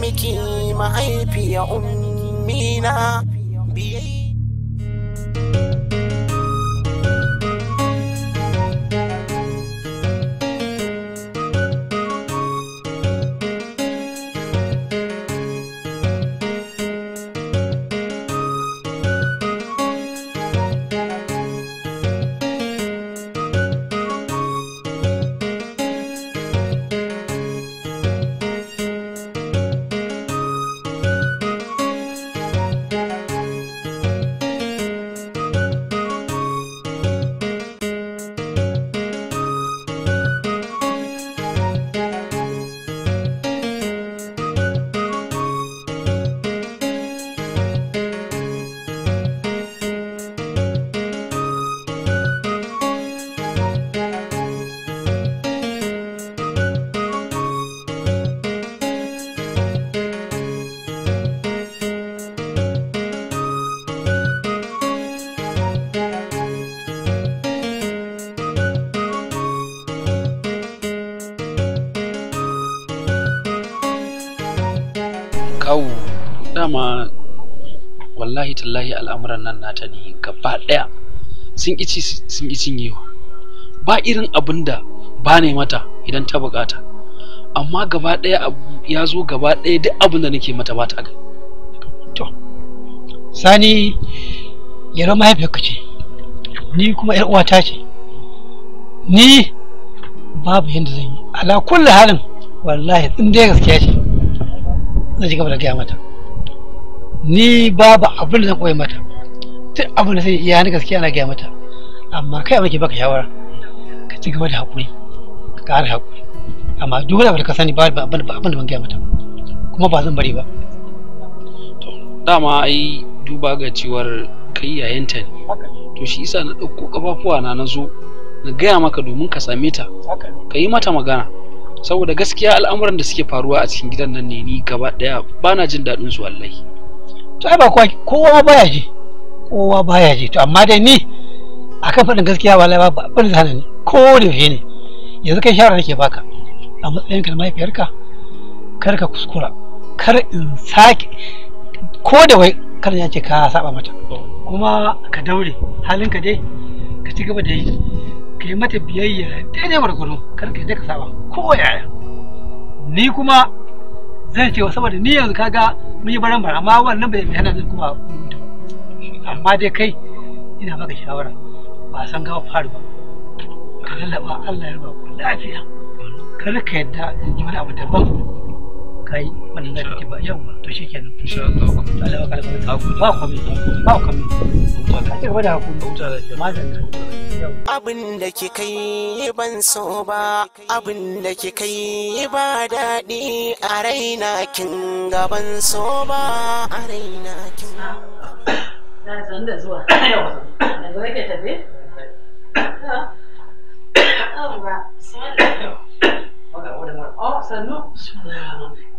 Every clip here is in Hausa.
miki mahaifiya ummina biyayya kuma wallahi tallahi al'amuran nan nata ne gaba ɗaya sun ici sun yiwa ba irin abin da ba ne mata idan ta bukata amma gaba ɗaya ya zo gaba ɗaya duk abin da nake mata ba ta ga to sani yaro mahaifiyarka ce ni kuma yar uwata ce ni babu yadda zan yi ala kulli halin wallahi in dai gaskiya ce zan ji gaba da gaya mata ni babu abin da zan koya mata duk abin da sai iya ni gaskiya ana gaya mata amma kai abin da ke baka shawara ka ci gaba da hakuri ka ƙara hakuri amma duk wani abin da ka sani ba abin da ban gaya mata kuma ba zan bari ba to dama ai duba ga cewar kai yayanta ne to shi isa na ɗauko kafafuwa na na na gaya maka domin ka same ta ka yi mata magana saboda gaskiya al'amuran da suke faruwa a cikin gidan nan ne ni gaba ɗaya ba na jin daɗin su wallahi to ai ba kowa kowa baya ji kowa baya ji to amma dai ni akan faɗin gaskiya wallahi ba Ban zana ne ko da yaushe ne yanzu kai shawara nake baka a matsayin ka mahaifiyarka kar ka kuskura kar in sake ko da wai kar ya ce ka saba mata kuma ka daure halinka dai ka ci gaba da yi ka yi mata biyayya daidai gwargwado kar ka dai ka saba ko yaya ni kuma zan cewa saboda ni yanzu kaga mun yi baran bara amma wannan bai hana zai kuma amma dai kai ina maka shawara ba san gawa faru ba ka lallaba Allah ya ba ku lafiya kar ka yadda in ji wani abu daban kai wannan da ba yau to shikenan insha Allah Allah wa kalmar ba komai ba komai to ka ci gaba da hakuri abin da ban so ba abin da ba daɗi a raina kin gaban so ba a raina kin na san da zuwa yau yanzu tafi Oh, Bismillahirrahmanirrahim.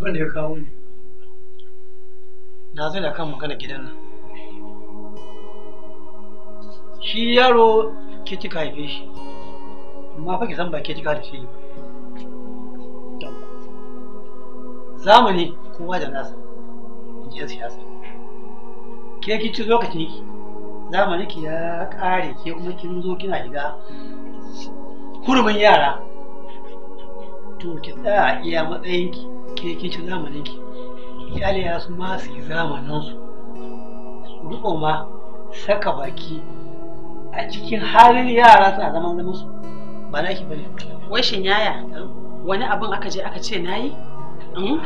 abinda ya kawo ne na zai kan magana gidan nan shi yaro ke cika haife shi amma fa ki san ba ke kika da shi zamani kowa da nasa jiyar siyasa ke ki ci lokaci zamani ki ya kare ke kuma kin zo kina shiga hurumin yara to ki tsaya iya matsayinki ke kin ci zamanin ki iyali ya su ma su yi zamanin su su ma saka baki a cikin halin yara su a zaman zaman su ba na ki bane washin yaya wani abun aka je aka ce nayi hmm?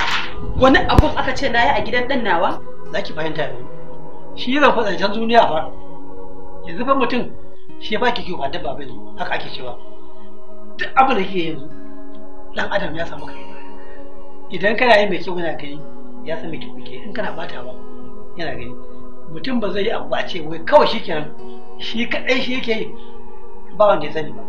wani abun aka ce nayi a gidan dan nawa za ki fahimta yanzu shi zan faɗa faɗancen duniya fa yanzu fa mutum shi ba ki kiwo ba dabba bane haka ake cewa duk abin da ke yanzu dan adam ya samu kai idan kana yi mai kyau yana gani ya san mai kyau kake in kana bata ba yana gani mutum ba zai yi abu a ce wai kawai shi kenan shi kadai shi yake ba wanda ya sani ba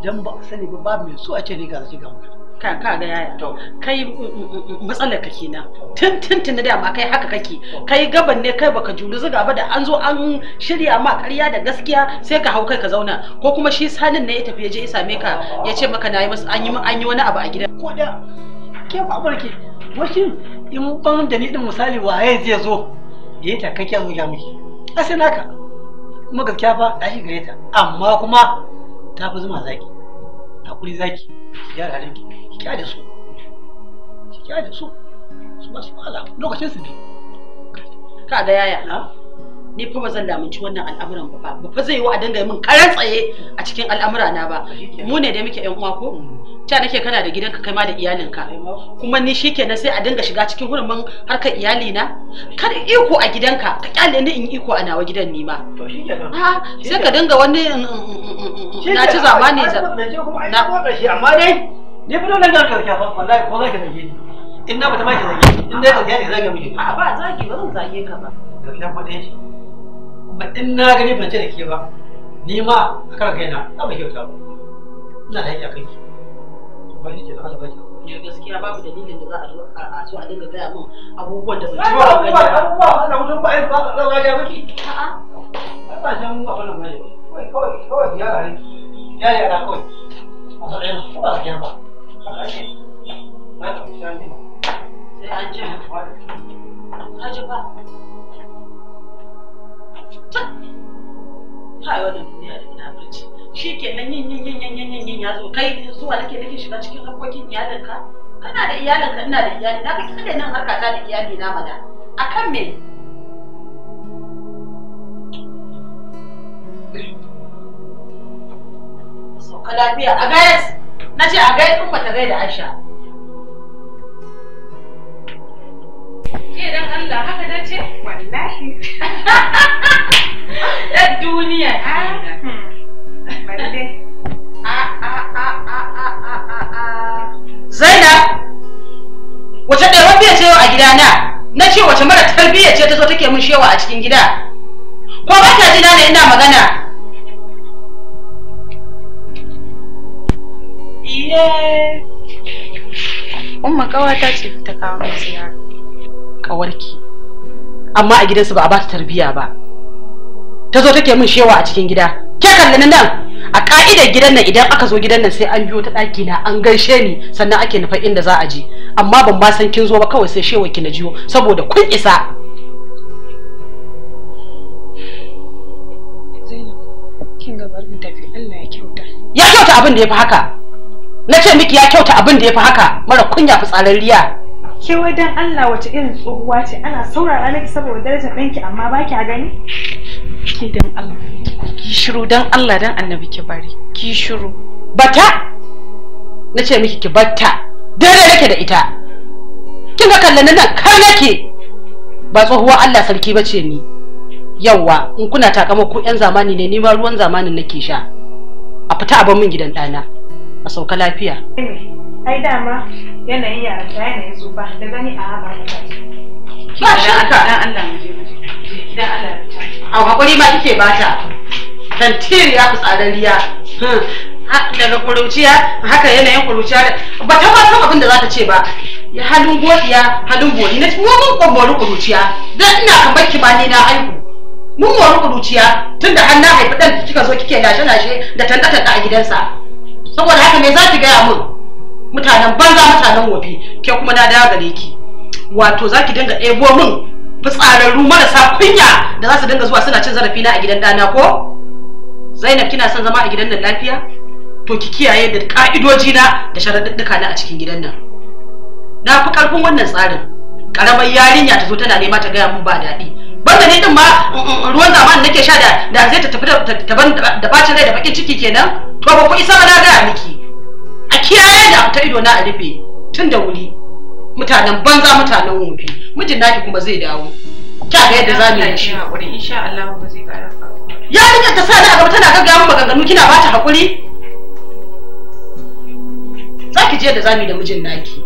idan ba a sani ba ba mai so a ce ne ga zai ga magana ka ka ga yaya to kai mm, mm, mm, matsalar ka kenan tun tun tun da dama kai haka kake kai gaban ne kai baka juri zuga ba da an zo an shirya ma ƙarya da gaskiya sai ka hau kai ka zauna ko kuma shi sanin ne ya tafi ya je ya same ka ya ce maka nayi masa an yi an yi wani abu a gida ko da ke ba barki wasu in ban da ni din misali waye zai zo yayi ta kake zo ga miki asai naka kuma gaskiya fa da shi gareta ta amma kuma ta fi zuma zaki hakuri zaki ya halin ki kya da su kya da su su ba su ala lokacin su ne ka ga yaya ni fa ba zan lamunci wannan al'amuran ba ba fa zai yi wa a dinga min karan tsaye a cikin al'amura na ba mu ne da muke yan uwa ko ta nake kana da gidanka kai ma da iyalinka kuma ni shikenan sai a dinga shiga cikin hurumin harkar iyali na kada iko a gidanka ka kyale ni in iko a nawa gidan ni ma To ah, sai ka dinga wani mm, mm, mm, na ci zamani na amma dai ne fa dole ga karkiya fa wallahi ko zaka zage ni in na ta ma ki zage in dai karkiya ne zage miki a ba zage ba zan zage ka ba karkiya fa dai kuma in na gani ban ce da ke ba ni ma a kan kaina ta ba kyauta ba ina da haƙƙi kai ba ni ke da albashi ya gaskiya babu dalilin da za a zo a so a dinga gaya min abubuwan da ban ci ba abubuwa abubuwa ana mutum ba ai ba za a ga miki a'a ba ta mu abana mai kawai kawai kawai ya ga ya ya da kawai a ba ga ba a sai an ji ba kai wannan duniya da ina barci shi ke nan yin yin yin yin yin yin ya zo kai zuwa nake nake shiga cikin harkokin iyalinka kana da iyalinka ina da iyali na kake kada nan harka ta da iyali na mana akan me sauka lafiya a gayas na ce a gayas in bata gaida aisha Ke dan Allah haka da ce? Wallahi. Dan duniya. Balle. Zainab! Wace ɗaya biya ce a gidana? Na ce wace mara tarbiyya ce ta zo take mun shewa a cikin gida? Ko ba ta jina ne ina magana? Iye! Umma ƙawata ce ta kawo min ziyara. kawarki amma a gidansu ba a ba ta tarbiyya ba ta zo take min shewa a cikin gida ke kalli nan a ka'idar gidan nan idan aka zo gidan nan sai an biyo ta ɗaki na an gaishe ni sannan ake nufa inda za a je amma ban ma san kin zo ba kawai sai shewa ki na jiyo saboda kun isa ya kyauta abin da ya fi haka na ce miki ya kyauta abin da ya fi haka mara kunya fitsararriya ke wai dan Allah wace irin tsohuwa ce ana saurara miki saboda darajar ɗanki amma ba kya gani ki dan Allah ki shiru dan Allah dan annabi ki bari ki shiru bata na ce miki ki batta dare nake da ita kin ga kallon nan kar nake ba tsohuwa Allah sarki bace ni yawa in kuna takama ku yan zamani ne ni ma ruwan zamanin nake sha a fita a abin min gidan ɗana a sauka lafiya. Eh, ai dama yanayin yara ta yanayin zuba da gani a haka ba shi haka dan Allah mu je mu je dan Allah au hakuri ma kike bata tantiri ya riya. Hmm. daga kuruciya haka yanayin kuruciya ba ta ba san abin da za ta ce ba ya halin godiya halin bori na tuwo mun kwambori kuruciya dan ina kan bakki ba ni na haihu mun mori kuruciya da har na haifi ɗan kika zo kike lashe lashe da tanda tanda a gidansa saboda haka me za ki gaya mun mutanen banza mutanen wabi ke kuma na dawo gare ki wato za ki dinga ɗebo min fitsararru marasa kunya da za su dinga zuwa suna cin zarafi na a gidan dana ko zainab kina son zama a gidan nan lafiya to ki kiyaye da ka'idoji na da sharaɗɗuka na a cikin gidan nan na fi ƙarfin wannan tsarin ƙaramar yarinya ta zo tana nema ta gaya mun ba daɗi banda ne din ma ruwan zamani nake sha da zai ta tafi da bacin rai da bakin ciki kenan to ba ku isa ba na gaya miki a kiyaye da ta ido na a rufe tun da wuri mutanen banza mutanen wofi mijin naki kuma zai dawo kya ga yadda zamu yi shi hakuri insha Allah ba zai ƙara ya yarinyar ta sa ni a gaba tana gaggawa mun maganganu kina ba ta hakuri za ki je da zamu yi da mijin naki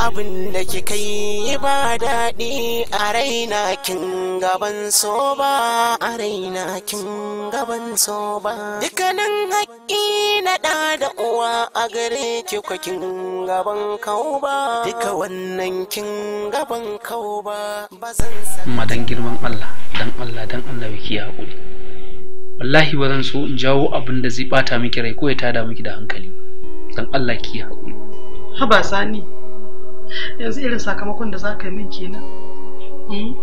abin da ke yi ba daɗi a raina kin gaban so ba a raina kin gaban so ba dukkanin haƙƙi na ɗa da uwa a gare ki kin gaban kau ba duka wannan kin gaban kau ba ba zan madan girman Allah dan Allah dan Allah ki haƙuri wallahi ba zan so in jawo abin da zai bata miki rai ko ya tada miki da hankali dan Allah ki haƙuri haba sani yanzu irin sakamakon da za ka yi min kenan hmm?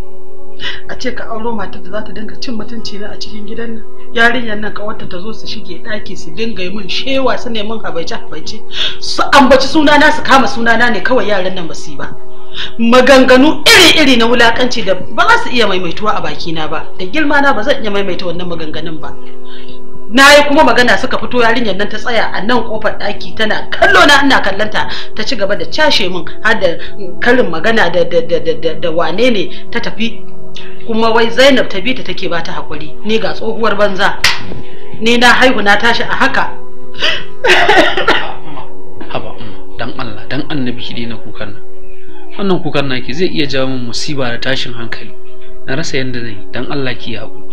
a ce ka auro matar da za ta dinga cin mutunci na a cikin gidan nan yarinyar nan kawarta ta zo su shige daki su dinga yi min shewa su ne min habaice habaice su ambaci sunana su kama sunana ne kawai yaran nan ba su ba maganganu iri-iri na wulakanci da ba za su iya maimaituwa a bakina ba da girma na ba zan iya maimaita wannan maganganun ba na yi kuma magana suka fito yarinyar nan ta tsaya a nan kofar ɗaki tana kallo na ina kallanta ta ci gaba da cashe min har da karin magana da da da da da wane ne ta tafi kuma wai Zainab ta bi ta take ba ta hakuri ni ga tsohuwar banza ni na haihu na tashi a haka haba dan Allah dan annabi ki daina kukan nan wannan kukan naki zai iya jawo min musiba da tashin hankali na rasa yanda zan yi dan Allah ki yi hakuri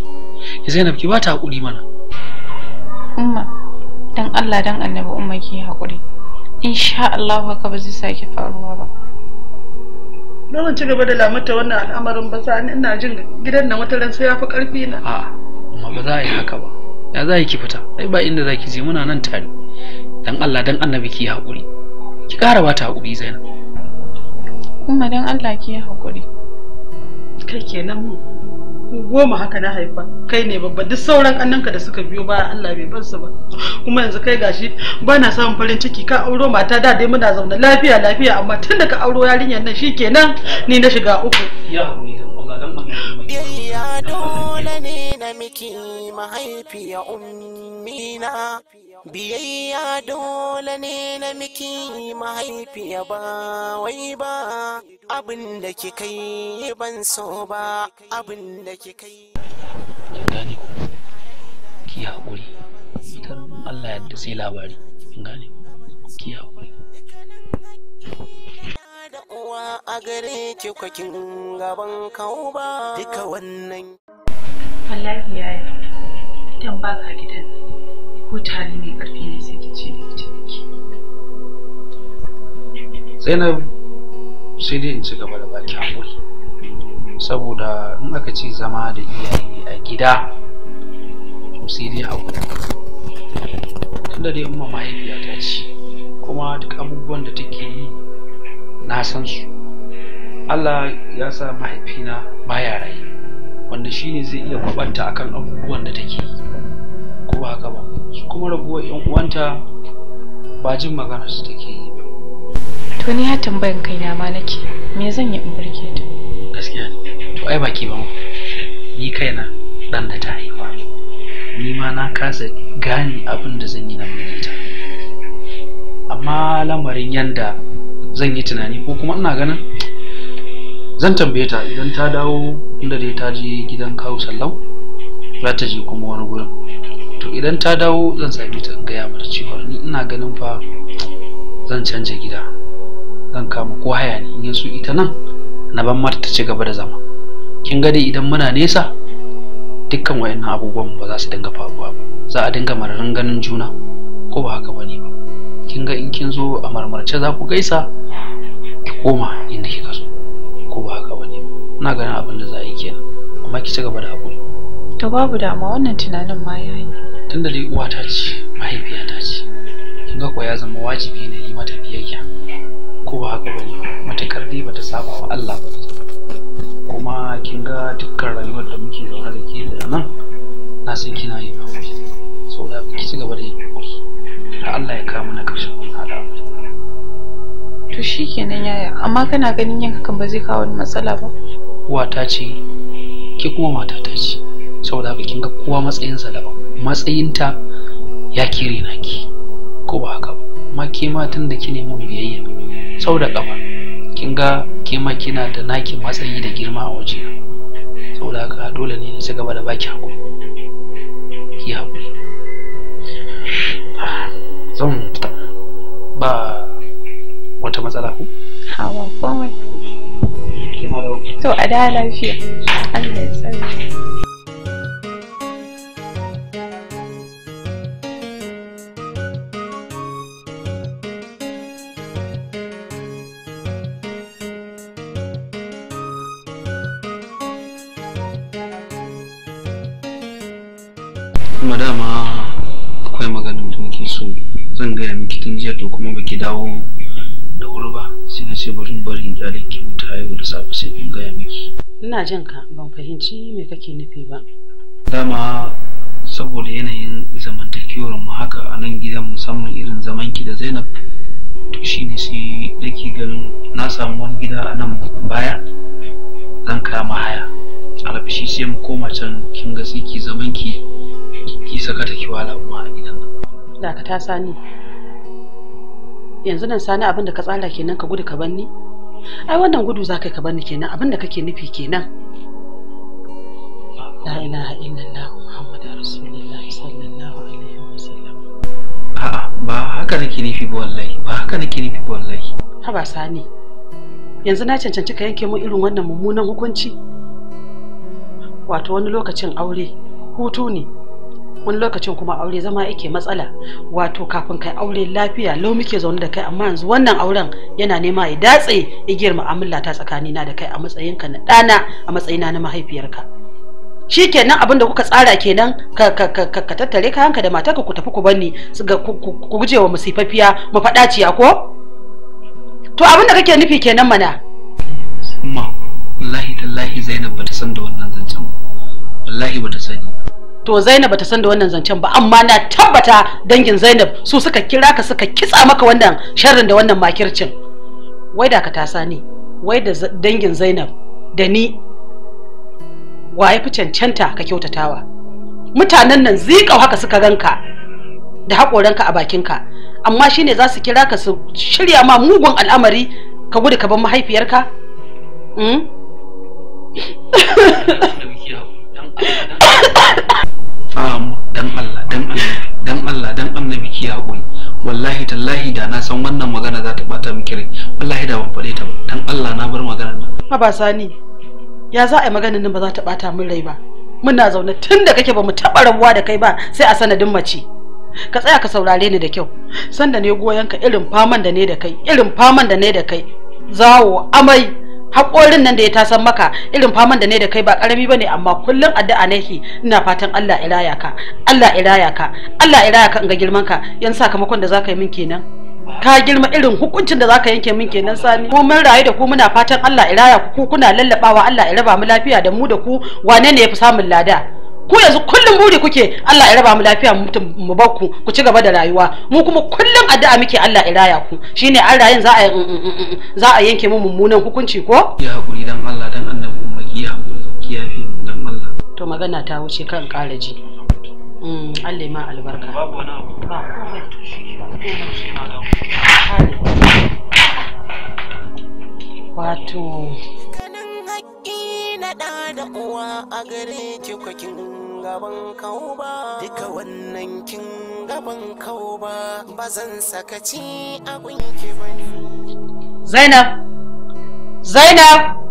Zainab ki ba ta hakuri mana umma dan Allah dan annabi umma ki haƙuri insha Allah haka ba zai sake faruwa ba dan ci gaba da lamata wannan al'amarin ba sai ina jin gidan nan wata ran sai ya fi ƙarfi na a amma ba za a yi haka ba ya za ki fita ai ba inda za ki je muna nan tare dan Allah dan annabi ki haƙuri ki ƙara ba ta haƙuri Zainab Umma dan Allah ki haƙuri kai kenan mu goma haka na haifa kai ne babba duk sauran annanka da suka biyo baya Allah bai bar su ba kuma yanzu kai gashi ba na samun farin ciki ka auro mata da dai muna zaune lafiya lafiya amma tun da ka auro yarinyar nan shikenan ni na shiga uku ya biyayya dole ne na miki mahaifiya ummina biyayya dole ne na miki mahaifiya ba wai ba abin da kika yi ban so ba abin da kika yi gane ki haƙuri idan Allah yadda sai labari gane ki haƙuri uwa a gare ki kwakin gaban kawo ba duka wannan wallahi yi idan ba ka gidan ko tare mai karfi ne sai ki ce da ita nake Zainab sai dai in ci gaba da baki hakuri saboda in aka ce zama da iyaye a gida to sai dai hakuri tunda dai in mahaifiyata ce kuma duk abubuwan da take yi na san su Allah ya sa mahaifina baya rai. wanda shine zai iya kwabanta akan abubuwan da take yi ko ba haka ba su kuma raguwar yan uwanta ba jin magana su take yi ba to ni ya tambayan kaina ma nake me zan yi in burge ta gaskiya ne to ai baki ba ni kaina dan da ta haifa ni ma na kasa gane abin da zan yi na burge ta amma lamarin yanda zan yi tunani ko kuma ina ganin zan tambaye ta idan ta dawo inda dai ta je gidan kawo sallau za ta je kuma wani gurin to idan ta dawo zan sami ta gaya mata cewa ni ina ganin fa zan canja gida zan kama ko haya ne in su ita nan na ban mata ta ci gaba da zama kin ga dai idan muna nesa dukkan wayannan abubuwan ba za su dinga faruwa ba za a dinga mararin ganin juna ko ba haka bane ba kin ga in kin zo a marmarce za ku gaisa ki koma inda kika so ko ba haka bane ina ganin abin da za a yi kenan amma ki ci gaba da hakuri to babu dama wannan tunanin ma yayi da dai uwata ce mahaifiyata ce kin ga ko ya zama wajibi ne yi mata biyayya ko ba haka bane matakar dai bata saba wa Allah ba kuma kin ga dukkan rayuwar da muke zaune da ke da nan na san kina yin hakuri saboda ki ci gaba da yi hakuri da Allah ya kawo mana ƙarshen to shikenan yaya amma kana ganin yanka kan, ba zai kawo wani matsala ba wata ce ki kuma mata ta ce saboda haka kin ga kowa matsayinsa daban matsayinta ya kire ki, ko ba haka ba amma ke ma tun da ki nemi biyayya sau da kafa kin ga ke ma kina da naki matsayi da girma a waje saboda haka dole ne na ci gaba da baki hakuri ki hakuri zan ba wata matsala ko? Awa komai. To a da lafiya. Allah ya sarki. ina jin ka ban fahimci me kake nufi ba dama saboda yanayin zamantakewar mu haka a nan gidan musamman irin zaman ki da Zainab to shine sai nake ganin na samu wani gida a nan baya zan kama haya alfishi sai mu koma can kin ga sai ki zaman ki ki saka ta kiwala kuma a gidan nan ta sani yanzu nan sani abin da ka tsala kenan ka gudu ka banni ai wannan gudu za ka ni kenan abin da kake nufi kenan la ilaha illallah muhammadu rasulullahi sallallahu alaihi wasallam a'a ba haka nake nufi ba wallahi ba haka nake nufi ba wallahi haba sani yanzu na cancanci ka yanke mu irin wannan mummunan hukunci wato wani lokacin aure hutu ne wani lokacin kuma aure zama yake matsala wato kafin kai aure lafiya lau muke zaune da kai amma yanzu wannan auren yana nema ya datse igiyar mu'amala ta tsakanina da kai a matsayinka na ɗana a matsayina na mahaifiyarka shi kenan abin da kuka tsara kenan ka tattare ka hanka da matarka ku tafi ku bani ku guje wa musifafiya mafaɗaciya ko to abin da kake nufi kenan mana ma wallahi tallahi zainab bata san da wannan zancen wallahi bata sani to Zainab bata san da wannan zancen ba amma na tabbata dangin Zainab su suka kira ka suka kitsa maka wannan sharrin da wannan makircin wai da ka tasa ni wai da dangin Zainab da ni waye fi cancanta ka kyautatawa mutanen nan zikau haka suka ranka da haƙoranka a bakinka amma shine za su kira ka su shirya ma mugun al'amari ka gudu ka bar mahaifiyarka mm? am dan Allah dan Allah dan Allah dan annabi ki haƙuri wallahi tallahi da na san wannan magana za ta bata miki rai wallahi da ban fade ta ba dan Allah na bar magana. na ma ba sani ya za a yi maganar nan ba za ta bata min rai ba muna zaune tun da kake ba mu taɓa rabuwa da kai ba sai a sanadin mace ka tsaya ka saurare ni da kyau sanda ne goyon ka irin faman da ne da kai irin faman da ne da kai zawo amai haƙorin nan da ya ta san maka irin faman da ne da kai ba ƙarami bane amma kullum addu'a nake ina fatan Allah ya raya ka Allah ya ka Allah ya ka in ga girman ka yan sakamakon da zaka yi min kenan ka girma irin hukuncin da zaka yanke min kenan sani mu mun rayu da ku muna fatan Allah ya raya ku kuna lallabawa Allah ya raba mu lafiya da mu da ku wane ne ya fi samun lada ku yanzu kullum buri kuke Allah ya raba mu lafiya mu bar ku ku ci gaba da rayuwa mu kuma kullum addu'a muke Allah ya raya ku shine an rayin za a mm, mm, mm, za a yanke mu mummunan hukunci ko ya hakuri dan Allah dan annabi umma ki hakuri ki yafi dan Allah to magana ta wuce kan ƙara ji mm Allah ma albarka babu wani abu ba komai to shi wato ina da da uwa a gare ki kin gaban kau ba duka wannan kin gaban kau ba ba zan sakaci a gunki ba Zainab Zainab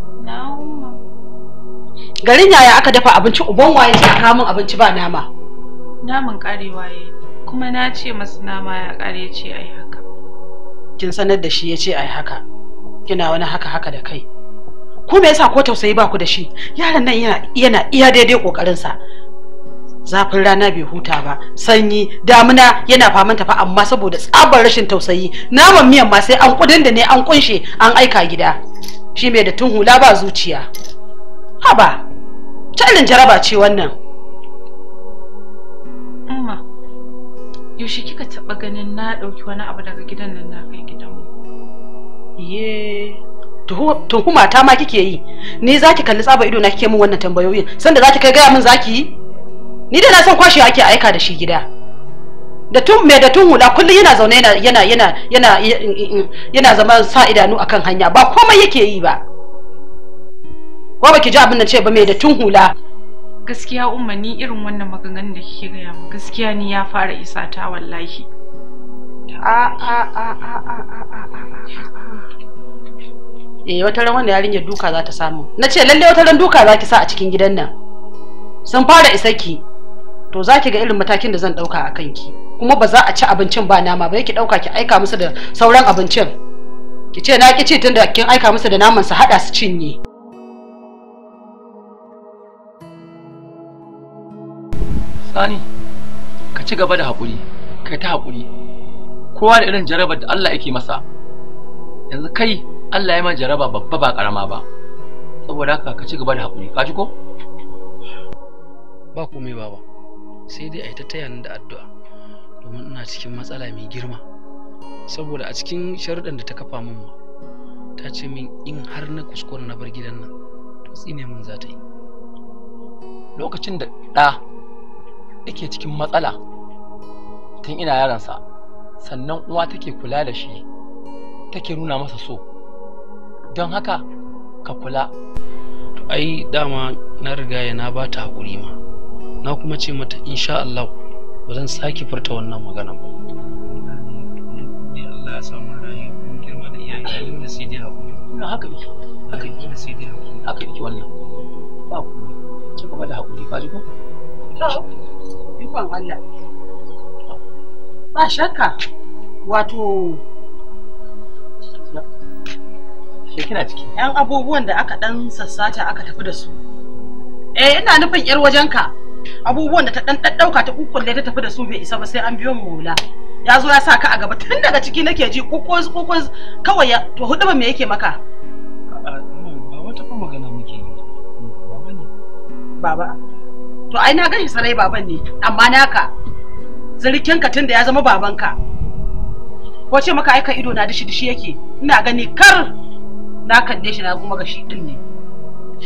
Garin yaya aka dafa abinci uban waye ta min abinci ba nama namun karewa yayi kuma na ce masa nama ya kare ce ai haka kin sanar da shi ya ce ai haka kina wani haka haka da kai ku me yasa ko tausayi ba ku da shi yaron nan yana yana iya daidai kokarin sa zafin rana bai huta ba sanyi damuna yana faman tafa amma saboda tsabar rashin tausayi naman miyan ma sai an kudin da ne an kunshe an aika gida shi mai da tun hula ba zuciya haba challenge jaraba ce wannan amma yaushe kika taba ganin na dauki wani abu daga gidan nan na kai gidanmu ye tuhuma ta ma kike yi ni zaki kalli tsaba ido na kike min wannan tambayoyin sanda zaki kai gaya min zaki yi ni da na san kwashi ake aika da shi gida da tun me da tun hula kullum yana zaune yana yana yana yana yana zama sa idanu akan hanya ba komai yake yi ba ko baki ji abin da ce ba me da tun hula gaskiya umma ni irin wannan maganganun da kike gaya mu gaskiya ni ya fara isa ta wallahi a a a a a a a eh wata ran wannan yarinyar duka za ta samu na ce lalle wata ran duka za ki sa a cikin gidan nan sun fara isaki to za ki ga irin matakin da zan dauka a kanki kuma ba za a ci abincin ba nama ba ki dauka ki aika musu da sauran abincin ki ce na ki ce tunda kin aika musu da naman su hada su cinye sani ka ci gaba da hakuri kai ta hakuri. kowa da irin jarabar da Allah yake masa yanzu kai Allah ya ma jaraba babba ba karama ba saboda haka ka ci gaba da hakuri ka ji ko ba komai baba sai dai a yi ta taya ni da addu'a domin ina cikin matsala mai girma saboda a cikin sharuɗan da ta kafa min ma ta ce min in har na kuskure na bar gidan nan to tsine min za ta yi lokacin da ɗa yake cikin matsala tun ina yaransa sannan uwa take kula da shi take nuna masa so don haka ka kula to ai dama na riga ya na ba ta haƙuri ma na kuma ce mata insha Allah ba zan sake furta wannan magana ba Allah ya samu girma da iyayen da hakuri. haka yake wannan ba ku kuma da haƙuri ba ji ikon Allah ba shakka wato Shi kina ciki. Yan abubuwan da aka dan sassata aka tafi da su. Eh ina nufin yar wajenka. Abubuwan da ta dan daddauka ta kukkulle ta tafi da su bai isa ba sai an biyo mu hula. Ya zo ya sa ka a gaba tun daga ciki nake ji kukkuz kukkuz kawai ya to hudu ba me yake maka? Ba wata fa magana muke yi. Baba ne. Baba. To ai na gashi sarai baban ne amma naka zirkin ka tun da ya zama babanka. Wace maka aika ido na dishi dishi yake ina gani kar na kalle shi na kuma ga shi din ne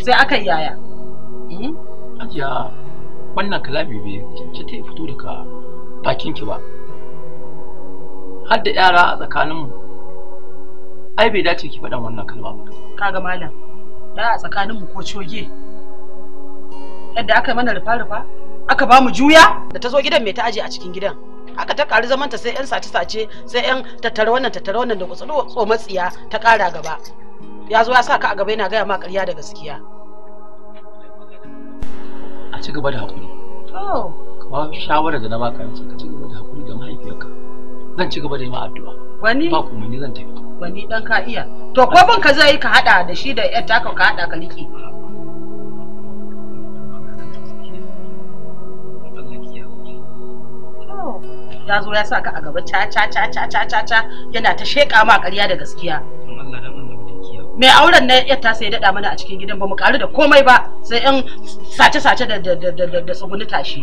sai aka yaya hmm? ajiya wannan kalabi bai ce ta fito daga bakin ki ba har da yara a tsakanin mu ai bai dace ki faɗan wannan kalma ba kaga malam da a tsakanin mu ko coge yadda aka mana rufa-rufa aka ba mu juya da ta zo gidan mai ta aje a cikin gidan aka ta kari zaman ta sai yan sace-sace sai yan tattara wannan tattara wannan da kusa tsomatsiya ta kara gaba ya zo ya sa ka a gaba yana gaya ma ƙarya da gaskiya a ci gaba da haƙuri oh. kuma shawarar da na baka yanzu ka ci gaba da haƙuri da mahaifiyarka zan ci gaba da yi ma addu'a wani ba kuma ni zan tafi wani dan ka iya to ko bin ka zai ka hada da shi da yar taka ka hada ka liki oh. ya zo ya sa ka a gaba ca ca ca ca ca ca yana ta sheƙa ma ƙarya da gaskiya mai auren na ta sai daɗa mana a cikin gidan ba mu karu da komai ba sai yan sace-sace da tsuguni tashi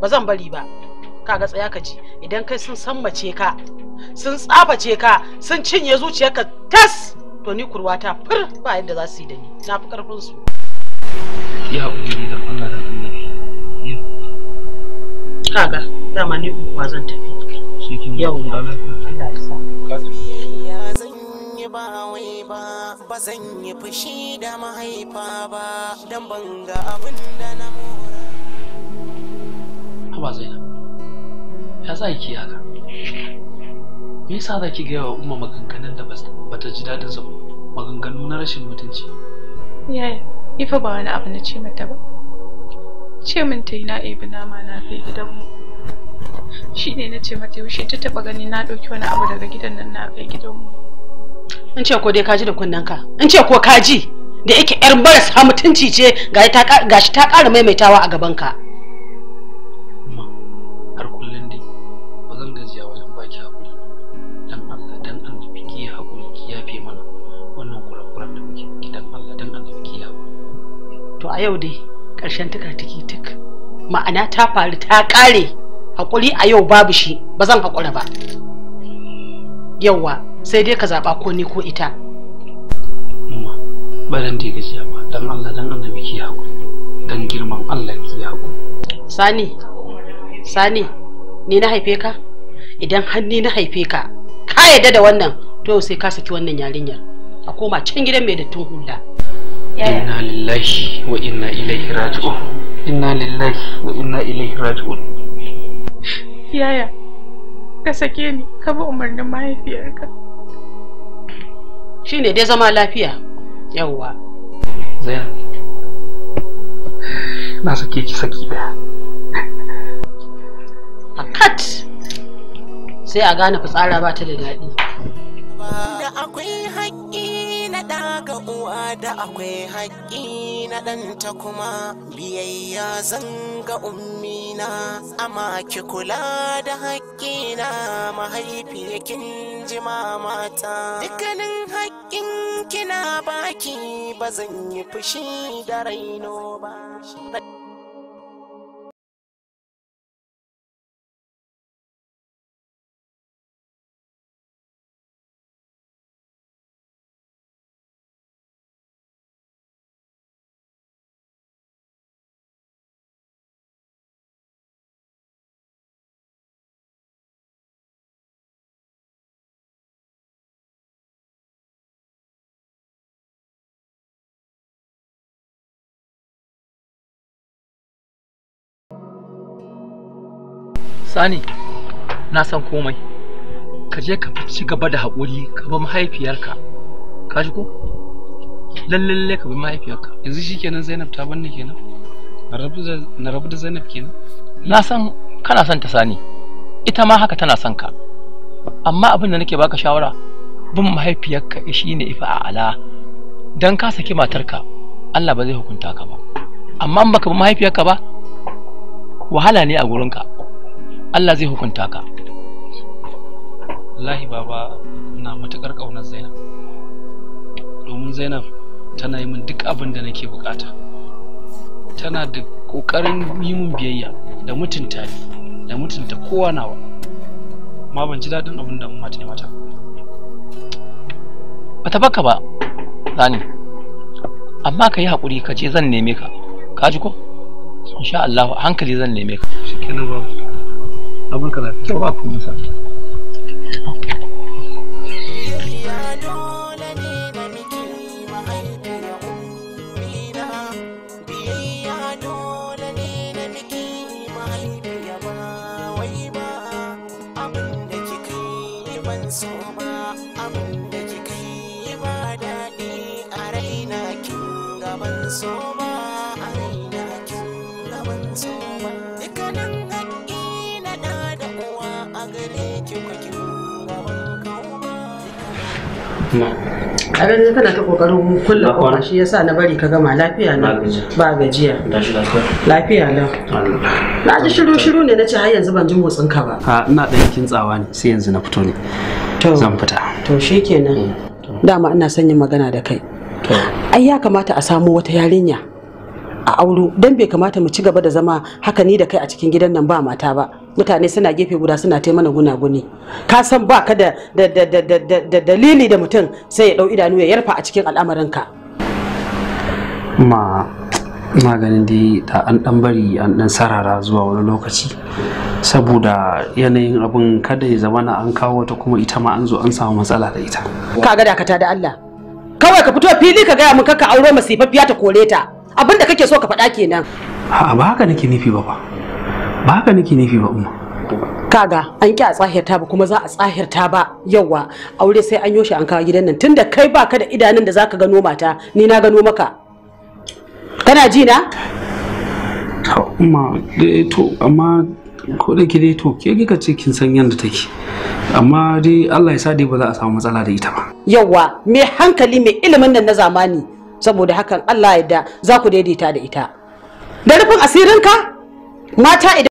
ba zan bari ba kaga tsaya ka ji idan kai sun mace ka sun tsaface ka sun cinye zuciyarka tas to ni kurwa ta fir ba yadda za su yi da ni na fi karfin su ya haƙuri da Allah da kaga dama ni kuwa zan tafi yau ba wai ba ba zan yi fushi da mahaifa ba dan ban ga abin da na mura. haba zainab ya sa ki haka me yasa za ki gaya wa umma maganganun da ba ta ji daɗin sa maganganu na rashin mutunci yaya ifa ba wani abu na ce mata ba ce min ta yi na ibi nama na kai gidanmu shi ne na ce mata yaushe ta taɓa gani na ɗauki wani abu daga gidan nan na kai gidanmu in ce ko dai kaji da kunnanka in ce ko kaji da yake yar baras ha mutunci ce gashi ta ƙara maimaitawa a gaban ka har kullum dai ba zan gajiya wajen baki haƙuri dan Allah dan annabi ki haƙuri ki yafe mana wannan kurakuran da muke ki dan Allah dan annabi ki haƙuri to a yau dai ƙarshen tuka tiki tuk ma'ana ta faru ta ƙare haƙuri a yau babu shi ba zan haƙura ba yawa sai dai ka zaɓa ko ni ko ita amma ba dan dai gajiya ba dan Allah dan annabi ki hakuri dan girman Allah ki hakuri sani sani ni na haife ka idan har ni na haife ka ka yadda da wannan to sai ka saki wannan yarinyar a koma can gidan mai dattin hula inna lillahi wa inna ilaihi raji'un inna lillahi wa inna ilaihi raji'un yaya ka sake ni ka bi umarnin mahaifiyarka shine dai zama lafiya yawwa zainab na sake ki saki daya a kat sai a gane fitsara ba ta da daɗi akwai ga uwa da akwai haƙƙi na ɗanta kuma biyayya zan ga ummina amma ki kula da na mahaifiyakin jima mata dukkanin haƙƙin kina baki ba zan yi fushi da raino ba Sani, na san komai. Ka je ka ci gaba da haƙuri ka bi mahaifiyarka. Ka ji ko? Lalle ka bi mahaifiyarka. Yanzu shi kenan Zainab ta banne kenan. Na rabu da Zainab kenan. Na san kana son ta Sani. Ita ma haka tana son ka. Amma abin da nake baka shawara bin mahaifiyarka shine ifa a ala. Dan ka saki matarka Allah ba zai hukunta ka ba. Amma in baka bi mahaifiyarka ba wahala ne a gurinka. Allah zai hukunta ka wallahi baba na matuƙar ƙaunar Zainab domin Zainab tana yi min duk abin da nake bukata tana da ƙoƙarin yi min biyayya da mutunta ni da mutunta kowa nawa amma ban ji daɗin abin da umma ta mata bata baka ba Sani amma ka yi haƙuri ka je zan neme ka ka ji ko insha Allah hankali zan neme ka shikenan ba. 危なくなる。今日はこの辺り。a ranar kana ta kokarin kulla kofa shi yasa na bari ka gama lafiya na ba gajiya lafiya na na ji shiru shiru ne na ce har yanzu ban ji motsin ka ba a ina dan kintsawa ne sai yanzu na fito ne zan fita to shikenan mm. dama ina son yin magana da kai ai ya kamata a samo wata yarinya a auro don bai kamata mu ci gaba da zama haka ni da kai a cikin gidan nan ba mata ba mutane suna gefe guda suna ta mana guni ka san ba ka da dalili da mutum sai ya dau idanu ya yarfa a cikin al'amarinka ma maganin dai da an dan bari an dan sarara zuwa wani lokaci saboda yanayin abin kada ya zama na an kawo ta kuma ita ma an zo an samu matsala da ita ka ga dakata da Allah kawai ka fito fili ka gaya mun kaka auro masifaffiya ta kore ta abinda kake so ka faɗa kenan a ba haka nake nufi ba ba ba haka nake nufi ba umma kaga an ki a tsahirta ba kuma za a tsahirta ba yawa aure sai an yoshi an kawo gidan nan tunda kai baka da idanun da zaka gano mata ni na gano maka kana ji na amma to amma ko da ki dai to ke kika ce kin san yadda take amma dai Allah ya sa dai ba za a samu matsala da ita ba yawa me hankali me ilimin nan na zamani saboda hakan Allah ya da za ku daidaita da ita da rufin asirinka mata idan.